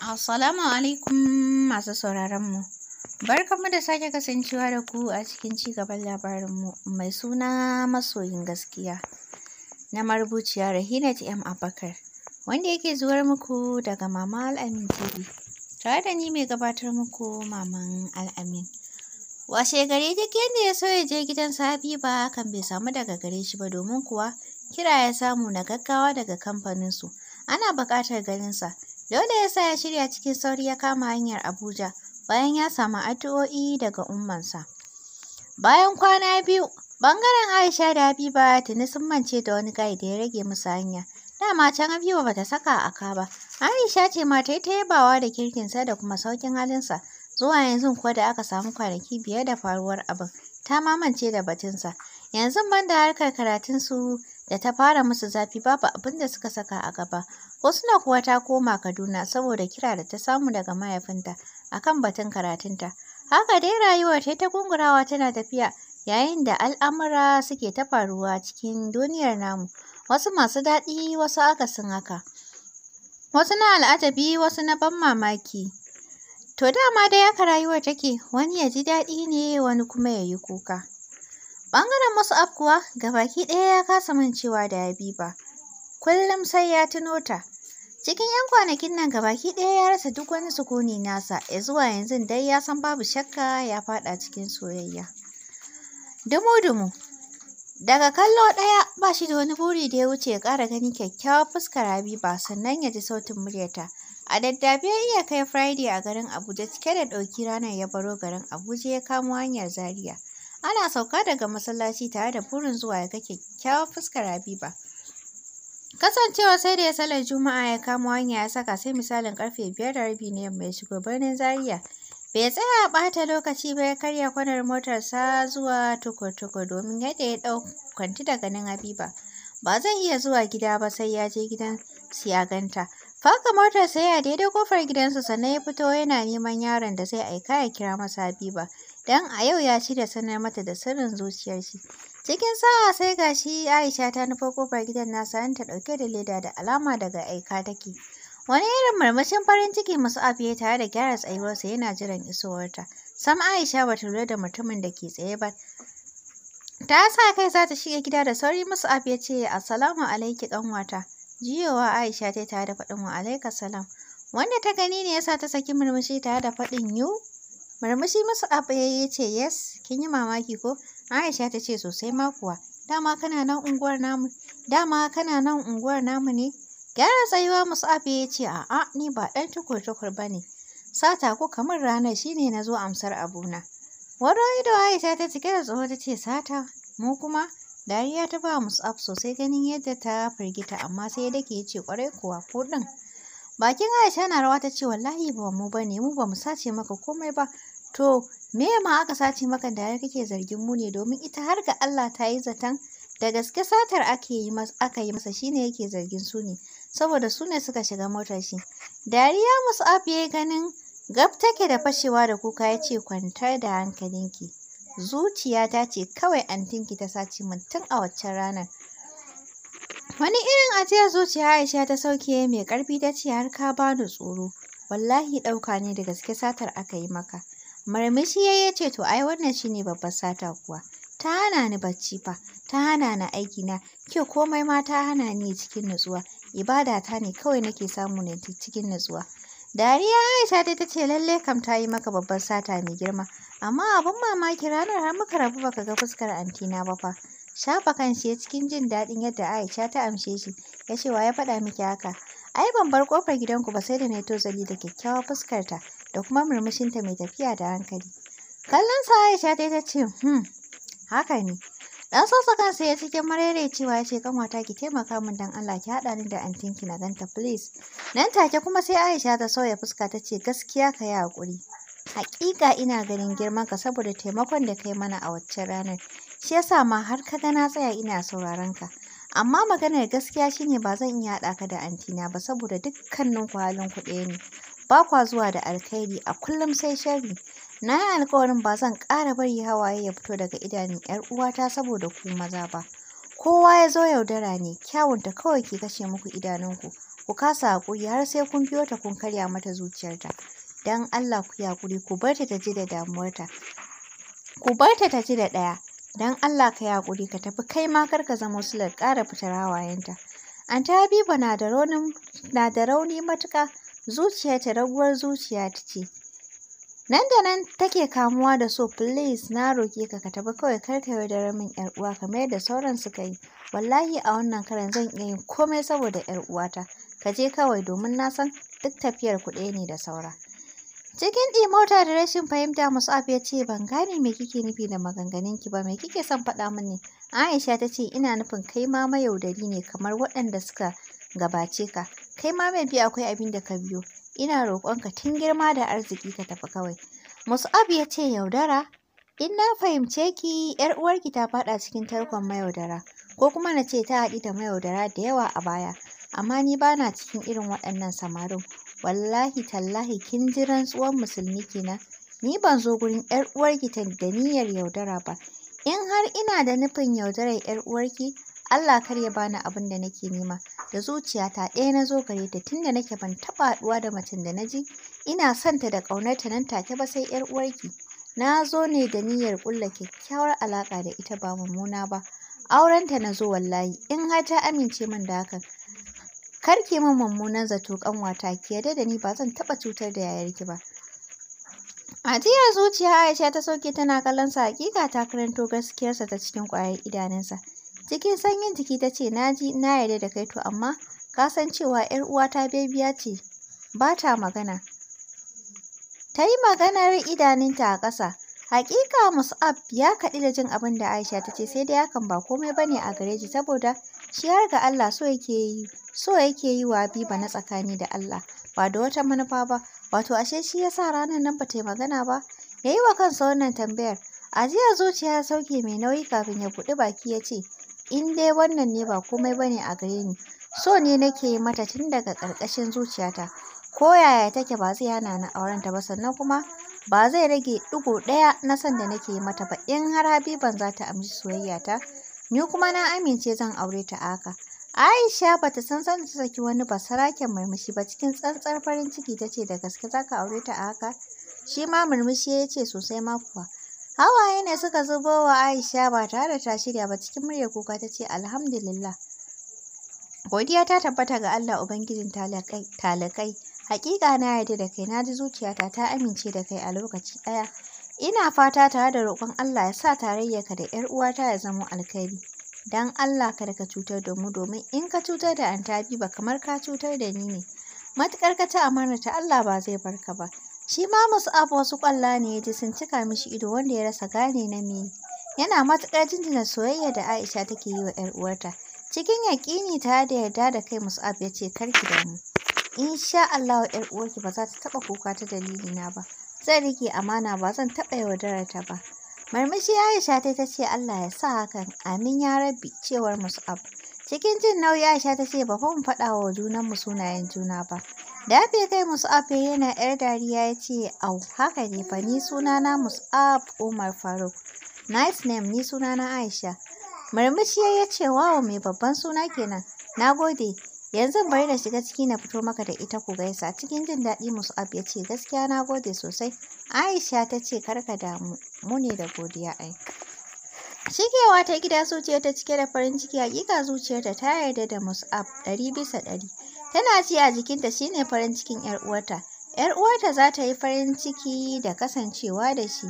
Assalamu alaikum masu sauraronmu. Barkanmu da sake kasancewa da ku a cikin ci cigaban labarinmu mai suna masoyin gaskiya na marubuciya Rahina M. Abakar wanda yake zuwa muku daga Mama Al'amin TV. Tare da ni mai gabatar muku Maman Al'amin. Washe gare duk da ya so ya je gidan ba kan bai samu daga gare shi ba domin kuwa kira ya samu na gaggawa daga kamfaninsu. Ana buƙatar ganinsa. sa. Dole ya sa ya shirya cikin sauri ya kama hanyar Abuja bayan ya samu addu'o'i daga ummansa. Bayan kwana biyu, bangaren Aisha da Habiba tuni sun mance da wani gai da ya rage musu hanya. Dama can Habiba bata saka a ka ba. Aisha ce ma ta yi ta yabawa da kirkinsa da kuma saukin halinsa. Zuwa yanzu kuwa da aka samu kwanaki biyar da faruwar abin, ta mamance da batunsa. Yanzu ban da harkar karatunsu da ta fara musu zafi babu abin da suka saka a gaba. Husna kuwa ta koma Kaduna saboda kira da ta samu daga mahaifinta akan batun karatunta. Haka dai rayuwar ta ta gungurawa tana tafiya yayin da al'amura suke ta faruwa cikin duniyar namu. Wasu masu daɗi, wasu akasin haka. Wasu na al'ajabi, wasu na ban mamaki. To dama dai haka rayuwar take, wani ya ji daɗi ne, wani kuma ya yi kuka. Ɓangaren afkuwa ga gabaki ɗaya ya kasa mancewa da Habiba. kullum sai ya tuno ta. Cikin 'yan kwanakin nan gabaki ɗaya ya rasa duk wani sukuni nasa, ya e zuwa yanzu dai ya san babu shakka ya faɗa cikin soyayya. Dumu-dumu, daga kallo ɗaya ba shi da wani buri da ya wuce ya ƙara gani kyakkyawar fuskar ba sannan ya ji sautin muryarta. A ya iya kai Friday a garin Abuja cike da ɗauki ranar ya baro garin Abuja ya kamo hanyar Zaria. Ana sauka daga masallaci tare da burin zuwa ya ga kyakkyawar fuskar Habiba. Kasancewa sai da ya salar Juma'a ya kama hanya ya saka sai misalin karfe biyar da rabi ne mai shigo birnin Zaria. Bai tsaya a ɓata lokaci ba ya karya kwanar motarsa zuwa Tukurtuku domin yadda ya ɗau daga nan Habiba. Ba zai iya zuwa gida ba sai ya je gidan siyaganta. Faka motar sai ya daidai kofar gidansu sannan ya fito yana neman yaron da zai aika ya kira masa Habiba. Dan a yau ya shirya da sanar mata da sirrin zuciyar shi. Cikin sa'a sai ga shi Aisha ta nufo kofar gidan nasa ta ɗauke da leda da alama daga aika take. Wani irin marmashin farin ciki Musa'ab ya tare da gyara tsayuwarsa yana jiran isowarta. Sam Aisha ba ta lura da mutumin da ke tsaye ba. Ta sa kai za ta shiga gida da sauri Musa'ab ya ce Assalamu alaiki kanwata? Jiyowa Aisha ta tare da faɗin wa alaika salam. Wanda ta gani ne yasa ta saki murmushi tare da faɗin yu Marmashi masu abaye ya ce, Yes, kin yi mamaki ko? Aisha ta ce sosai ma kuwa, dama kana nan unguwar namu, ne? Gyara tsayuwa Mus'ab ya ce, A'a, ni ba ɗan tukur-tukur ba ne. Sata ko kamar ranar shine na zo amsar abuna. wani ido Aisha ta cike da tsoro ta ce, Sata, mu kuma? Dariya ta ba Mus'ab sosai ganin yadda ta firgita amma sai da ke ce kwarai kuwa ko ɗin. Bakin Aisha na rawa ta ce wallahi ba mu ba ne mu ba mu sace maka komai ba To, me ma aka sace maka da har kake zargin mu ne domin ita har ga Allah ta yi zaton da gaske satar ake yi masa aka yi masa shine yake zargin su ne saboda su ne suka shiga motar shi. Dariya Mus'ab ya ganin gab take da fashewa da kuka ya ce kwantar da hankalinki. ta ce kawai antinki ta sace min tun a waccan ranar. Wani irin ajiyar zuciya Aisha ta sauke mai karfi ta ce har ka bani tsoro. Wallahi ɗauka ne da gaske satar aka yi maka. Marmishi ya ce to ai wannan shine babbar sata kuwa. Ta hana ni bacci fa, ta hana ni aiki na ke komai ma ta hana ni cikin nutsuwa, ibada ta ne kawai nake samu ne cikin nutsuwa. Dariya Aisha dai ta ce lalle kam ta yi maka babbar sata mai girma, amma abin mamaki ranar har muka rabu baka ga fuskar antina ba fa. Shafa kan shi cikin jin daɗin yadda Aisha ta amshe shi, ya ce wa ya faɗa miki haka. Ai ban bar ƙofar gidanku ba sai da na yi tozali da kyakkyawar fuskarta da kuma murmushinta mai tafiya da hankali. Kallon sa Aisha ta ta ce, "Hmm, haka ne." Dan sosa kansa ya cikin cewa ya ce kanwata ki taimaka min dan Allah ki haɗa ni da antinki na ganta please. Nan take kuma sai Aisha ta sauya fuska ta ce gaskiya ka yi hakuri. Haƙiƙa ina ganin girman ka saboda taimakon da kai mana a waccan ranar. Shi yasa ma har ka ga na tsaya ina sauraron ka. amma maganar gaskiya shine ba zan iya haɗa ka da antina ba saboda dukkanin kwalin halin ne ba kwa zuwa da alkhairi a kullum sai sharri na yi alkawarin ba zan ƙara bari hawaye ya fito daga idanun yar uwata saboda ku maza ba kowa ya zo yaudara ne kyawunta kawai ke kashe muku idanunku ku kasa haƙuri har sai kun biyo ta kun karya mata zuciyarta don allah ku yaƙuri ku bar ta ji da damuwarta ku bar ta ji da ɗaya don allah ka yaƙuri ka tafi kai ma kar ka zama sular ƙara fitar hawayenta anta habiba na da rauni matuƙa Zuciya ta raguwar zuciya ta ce nan da nan take kamuwa da so please na roke ka ka tafi kawai kar ka da min yar uwa kamar yadda sauran suka yi wallahi a wannan karan zan iya yin komai saboda yar uwata ka je kawai domin na san duk tafiyar ku ɗaya ne da saura cikin ɗimauta da rashin fahimta musab ya ce ban gane me kike nufi da maganganunki ba me kike son faɗa min ne aisha ta ce ina nufin kai ma mayaudari ne kamar waɗanda suka gabace ka kai ma mai biyu akwai abin da ka biyo ina roƙonka tun girma da arziki ka tafi kawai mus'ab ya ce yaudara in na fahimce ki yar uwarki ta faɗa cikin tarkon mayaudara ko kuma na ce ta haɗi da mayaudara da yawa a baya amma ni ba na cikin irin waɗannan samarin wallahi tallahi kin ji rantsuwar musulmi kenan ni ban zo gurin yar uwarki ta da niyyar yaudara ba in har ina da nufin yaudarar yar uwarki Allah kar ya bani abin da nake nema da zuciyata ɗaya na zo gare ta tunda nake ban taɓa haɗuwa da macen da na ji ina son ta da ƙaunarta nan take ba sai ƴar uwarki na zo ne da niyyar ƙulla kyakkyawar alaƙa da ita ba mummuna ba aurenta na zo wallahi in har ta amince min da hakan kar ki min mummunan zato ƙanwata ki yarda da ni ba zan taɓa cutar da yayarki ba A jiya zuciya aisha ta sauke tana kallon sa hakika ta karanto gaskiyarsa ta cikin ƙwayar idanunsa Cikin sanyin jiki ta ce na ji na yarda da kai to amma ka san cewa 'yar uwata bebiya ce ba ta magana. Ta yi maganar idaninta a ƙasa. Hakika Mus'ab ya kaɗi da jin abin da Aisha ta ce sai dai hakan ba komai bane a gare shi saboda shi har ga Allah so yake yi so yake yi wa Habiba na tsakani da Allah ba da wata manufa ba wato ashe shi ya sa ranar nan ba ta yi magana ba yayi wa kansa wannan tambayar ajiya zuciya ya sauke mai nauyi kafin ya buɗi baki ya ce in dai wannan ne ba komai bane a gare ni so ne nake yi mata tun daga ƙarƙashin zuciyata ko yaya take ba zai hana ni ta ba sannan kuma ba zai rage ɗigo ɗaya na san da nake yi mata ba in har Habiban za ta amshi soyayya ta? ni kuma na amince zan aure ta haka Aisha bata san san ta saki wani ba saraken murmushi ba cikin tsantsar farin ciki tace da gaske zaka aure ta a haka shi ma murmushi ya ce sosai ma kuwa Hawaye ne suka zubo wa Aisha ba tare da ta shirya ba cikin murya kuka ta ce alhamdulillah. Godiya ta tabbata ga Allah Ubangijin talakai. Hakika na yarda da kai na ji zuciyata ta amince da kai a lokaci ɗaya. Ina fata tare da roƙon Allah ya sa tarayyarka da ‘yar uwata ya zama alkhairi. Dan Allah kada ka cutar da mu domin in ka cutar da Antabi ba kamar ka cutar da ni ne. Matuƙar ka ci amana ta Allah ba zai barka ba. Shi ma Mus'ab wasu kwalla ne ya ji sun cika mishi ido wanda ya rasa gane na me. Yana matuƙar jinjina soyayya da Aisha take yi wa 'yar uwarta. Cikin yaƙini ta da yarda da kai Mus'ab ya ce karki da mu. Insha Allah 'yar uwarki ba za ta taɓa kuka ta dalili na ba. Zan rike amana ba zan taɓa yaudarar ta ba. Marmishi Aisha ta ta ce Allah ya sa hakan amin ya rabbi cewar Mus'ab. Cikin jin nauyi Aisha ta ce ba fa mu faɗa wa junanmu sunayen juna ba. Dafe kai Mus'ab yana ‘yar dariya ya ce, Au, haka ne fa ni sunana Mus'ab Umar Faruk. Nice name ni sunana Aisha. Murmushi ya ce, Wawo mai babban suna kenan. Na gode. Yanzu bari da shiga ciki na fito maka da ita ku gaisa. Cikin jin daɗi Mus'ab ya ce, Gaskiya na gode sosai. Aisha ta ce, Karka damu, mu ne da godiya ai. Shigewa ta gida zuciyarta cike da farin ciki hakika zuciyarta ta yarda da Mus'ab ɗari bisa ɗari. Tana ci a jikinta shine farin cikin 'yar uwarta. 'Yar uwarta za ta yi farin ciki da kasancewa da shi.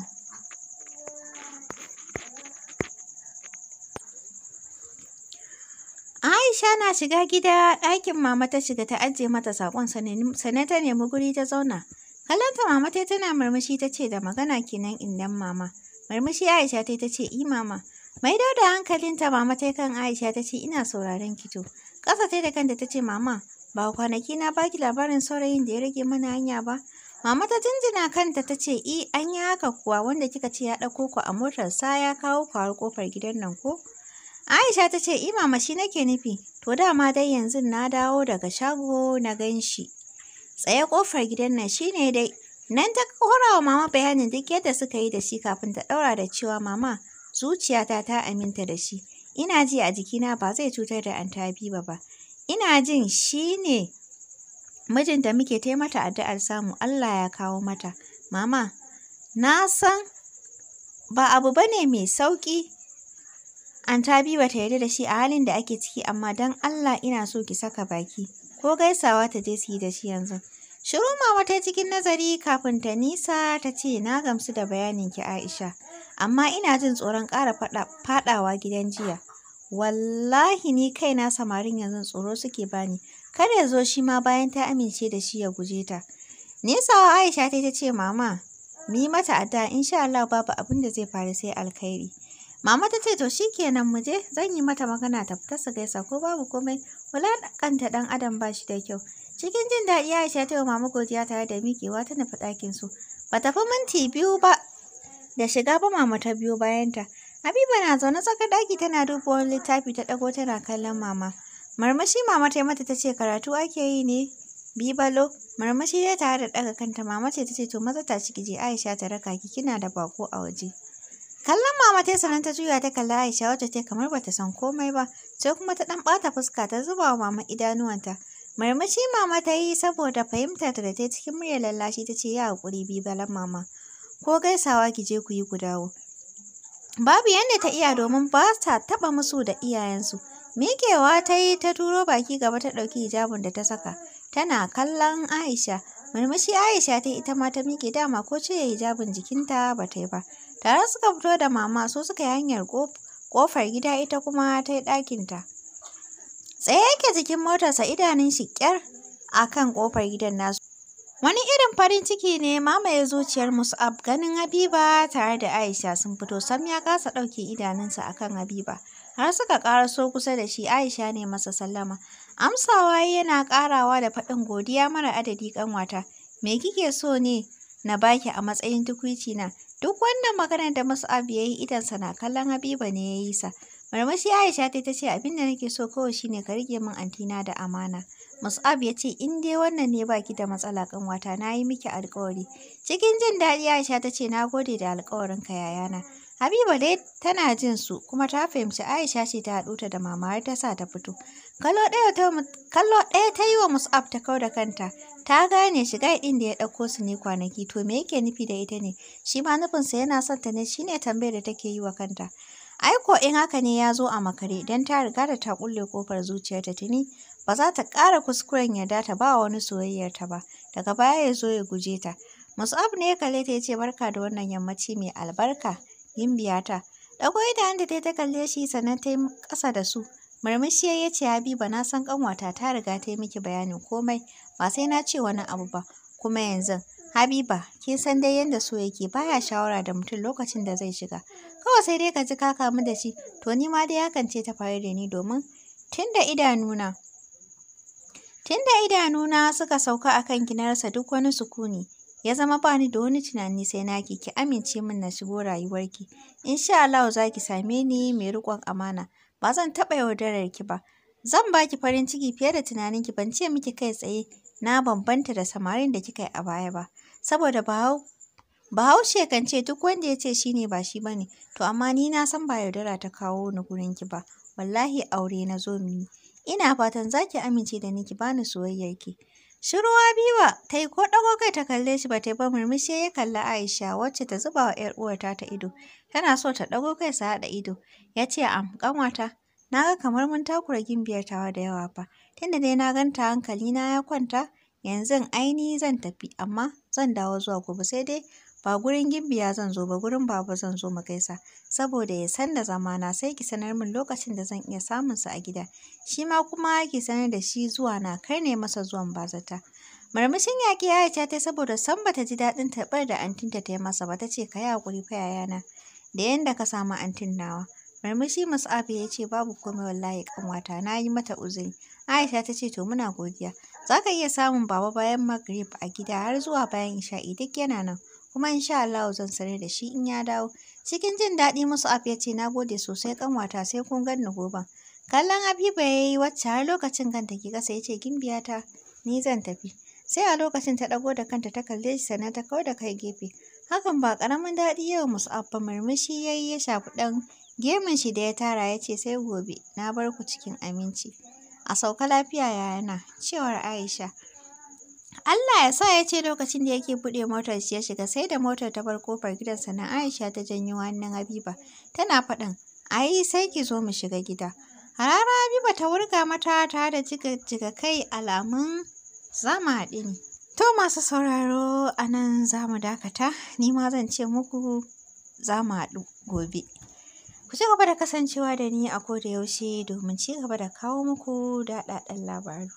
Aisha na shiga gida ɗakin mama ta shiga ta ajiye mata saƙon sannan ta nemi guri ta zauna. Kallonta mama ta tana murmushi ta ce da magana kenan indan mama. Murmushi Aisha ta ta ce i mama. Mai da hankalinta mama ta kan Aisha ta ce ina sauraron Kito?" Ƙasa ta da kanta ta ce mama Ba kwanaki na baki labarin saurayin da ya rage mana hanya ba? Mama ta jinjina kanta ta ce, "I, eh, an yi haka kuwa wanda kika ce ya ɗauko ku a motar sa ya kawo ku har kofar gidan nan ko?" Aisha ta ce, "I, eh, mama shi nake nufi. To dama dai yanzu na dawo daga shago na gan shi. Tsaye kofar gidan nan shine dai." Nan ta kora wa mama bayanin duk yadda suka yi da shi kafin ta ɗaura da cewa mama zuciyata ta aminta da shi. Ina ji a jikina ba zai cutar da Habiba ba. Ina jin shi ne mijinta muke ta mata addu'ar samu Allah ya kawo mata. Mama, na san ba abu ba ne mai sauƙi. Anta Habiba ta yarda da shi a halin da ake ciki amma don Allah ina so ki saka baki ko gaisawa ta je su yi da shi yanzu. Shiru mama ta cikin nazari kafin ta nisa ta ce na gamsu da bayanin ki Aisha, amma ina jin tsoron ƙara faɗawa gidan jiya. Wallahi ni kaina samarin yanzu tsoro suke bani. Kada ya zo shi ma bayan ta amince da shi ya guje ta. Nesawa Aisha ta ce mama, mu yi mata addu'a insha Allah babu abin da zai faru sai alkhairi. Mama ta ce to shikenan mu je zan yi mata magana ta fita su gaisa ko babu komai kanta dan adam ba shi da kyau. Cikin jin daɗi Aisha ta yi wa mama godiya tare da miƙewa ta nufi ɗakin su. Ba ta fi minti biyu ba da shiga ba mama ta biyo bayanta. Habiba na zaune tsakar ɗaki tana duba wani littafi ta ɗago tana kallon mama. Marmashi mama ta yi mata ta ce karatu ake yi ne bibalo. Marmashi dai tare da ɗaga kanta mama ce ta ce to maza ta ciki je Aisha ta raka ki kina da bako a waje. Kallon mama ta sanan ta juya ta kalla Aisha wacce ta kamar bata san komai ba sai kuma ta ɗan ɓata fuska ta zuba wa mama idanuwanta. Marmashi mama ta yi saboda fahimtar da ta cikin muryar lallashi ta ce ya haƙuri bibalan mama. Ko gaisawa ki je ku yi ku dawo. Babu yadda ta iya domin ba ta taɓa musu da iyayensu. Miƙewa ta yi ta turo baki gaba ta ɗauki hijabin da ta saka. Tana kallon Aisha. Murmushi Aisha ta ita ma ta miƙe dama ko ce hijabin jikinta ba ta yi ba. Tare suka fito da mama su suka yi hanyar kofar gida ita kuma ta yi ɗakinta. Tsaye yake jikin motarsa idanun shi ƙyar a kan ƙofar gidan nasu. Wani irin farin ciki ne mamaye zuciyar Mus'ab ganin Habiba tare da Aisha sun fito sam ya kasa ɗauke idanunsa akan Habiba. Har suka so kusa da shi Aisha ne masa sallama. Amsawa yana ƙarawa da faɗin godiya mara adadi ƙanwata. Me kike so ne na baki a matsayin tukwici na? Duk wannan maganar da Mus'ab ya yi idansa na kallon Habiba ne ya yi sa. Marmashi Aisha ta ta ce abin da nake so kawai shine ka rike min antina da amana. Mus'ab ya ce in dai wannan ne baki da matsala kanwata na yi miki alkawari. Cikin jin daɗi Aisha ta ce na gode da ka yayana. Habiba dai tana jin su kuma ta fahimci Aisha ce ta haɗu ta da mama har ta sa ta fito. Kallo ɗaya ta yi wa Mus'ab ta kau da kanta. Ta gane shiga ɗin da ya ɗauko su ne kwanaki to me yake nufi da ita ne? Shi ma nufinsa yana son ta ne shine tambayar da take yi wa kanta. aiko in haka ne ya zo a makare don ta riga da ta kulle kofar zuciyarta tuni ba za ta ƙara kuskuren yarda ta ba wani soyayyarta ba daga baya ya zo ya guje ta. abu ne ya kalle ta ya ce barka da wannan yammaci mai albarka gimbiya ta. Ɗago idanun da ta kalle shi sannan ta yi ƙasa da su. Murmushi ya ce Habiba na san ƙanwata ta riga ta yi miki bayanin komai ba sai na ce wani abu ba kuma yanzu Habiba, kin san dai yadda so yake baya shawara da mutum lokacin da zai shiga. Kawai sai dai ka ji ka kamu da shi, to ni ma dai hakan ce ta faru da ni domin tunda idanuna tunda idanuna suka sauka akan ki na rasa duk wani sukuni. Ya zama ba ni da wani tunani sai naki ki amince min na shigo rayuwarki. Insha Allah za ki same ni mai riƙon amana. Ba zan taɓa yaudarar ki ba. Zan ba ki farin ciki fiye da tunaninki ban ce miki kai tsaye na bambanta da samarin da kika yi a baya ba. saboda bahau bahaushe kan ce duk wanda ya ce shi ne ba shi ba ne to amma ni na san ba yaudara ta kawo ni gurin ki ba wallahi aure na zo mini ina fatan za ki amince da ni ki bani soyayyar ki shiruwa biwa ta yi ko ɗago kai ta kalle shi ba ta yi ba murmushi ya kalli aisha wacce ta zuba wa ‘yar uwarta ta ido tana so ta ɗago kai su haɗa ido ya ce am ƙanwata na ga kamar mun takura gimbiyar tawa da yawa fa tunda dai na ganta hankali na ya kwanta yanzu ai zan tafi amma zan dawo zuwa gobe sai dai ba gurin gimbiya zan zo ba gurin baba zan zo mu gaisa saboda ya san da zamana sai ki sanar min lokacin da zan iya samun sa a gida shi ma kuma ki sanar da shi zuwa na kai ne masa zuwan bazata marmashin yaƙi ce ta saboda san bata ji daɗin taɓar da antinta ta yi masa ba ta ce ka yi haƙuri fa yaya na. da yanda ka samu antin nawa Marmashi musafi ya ce babu komai wallahi kanwata na yi mata uzuri. Aisha ta ce to muna godiya. Za ka iya samun Baba bayan Maghrib a gida har zuwa bayan Isha'i duk yana nan, kuma insha Allahu zan sanar da shi in ya dawo. Cikin jin daɗi Mus'ab ya ce na gode sosai kanwata sai kun gan ni goben. Kallon Habiba ya yi wacce har lokacin kanta ke kasa ya ce gimbiyata ni zan tafi. Sai a lokacin ta ɗago da kanta ta kalle shi sannan ta kawo da kai gefe. Hakan ba ƙaramin daɗi yau Mus'ab ba murmushi ya yi ya shafi ɗan gemun shi da ya tara ya ce sai gobe na bar ku cikin aminci. A sauka lafiya ya yana, cewar Aisha. Allah ya sa ya ce lokacin da yake buɗe motar shi ya shiga sai da motar ta bar kofar gidansa na Aisha ta janyo hannun Habiba. Tana faɗin, ayi sai ki zo mu shiga gida. Harara Habiba ta wurga mata ta da jiga kai alamun zama haɗu ne. To masu sauraro a nan za mu dakata, ni ma zan ce muku za mu haɗu gobe. Ku ci gaba da kasancewa da ni a koda yaushe domin ci gaba da kawo muku daɗaɗɗen labaru.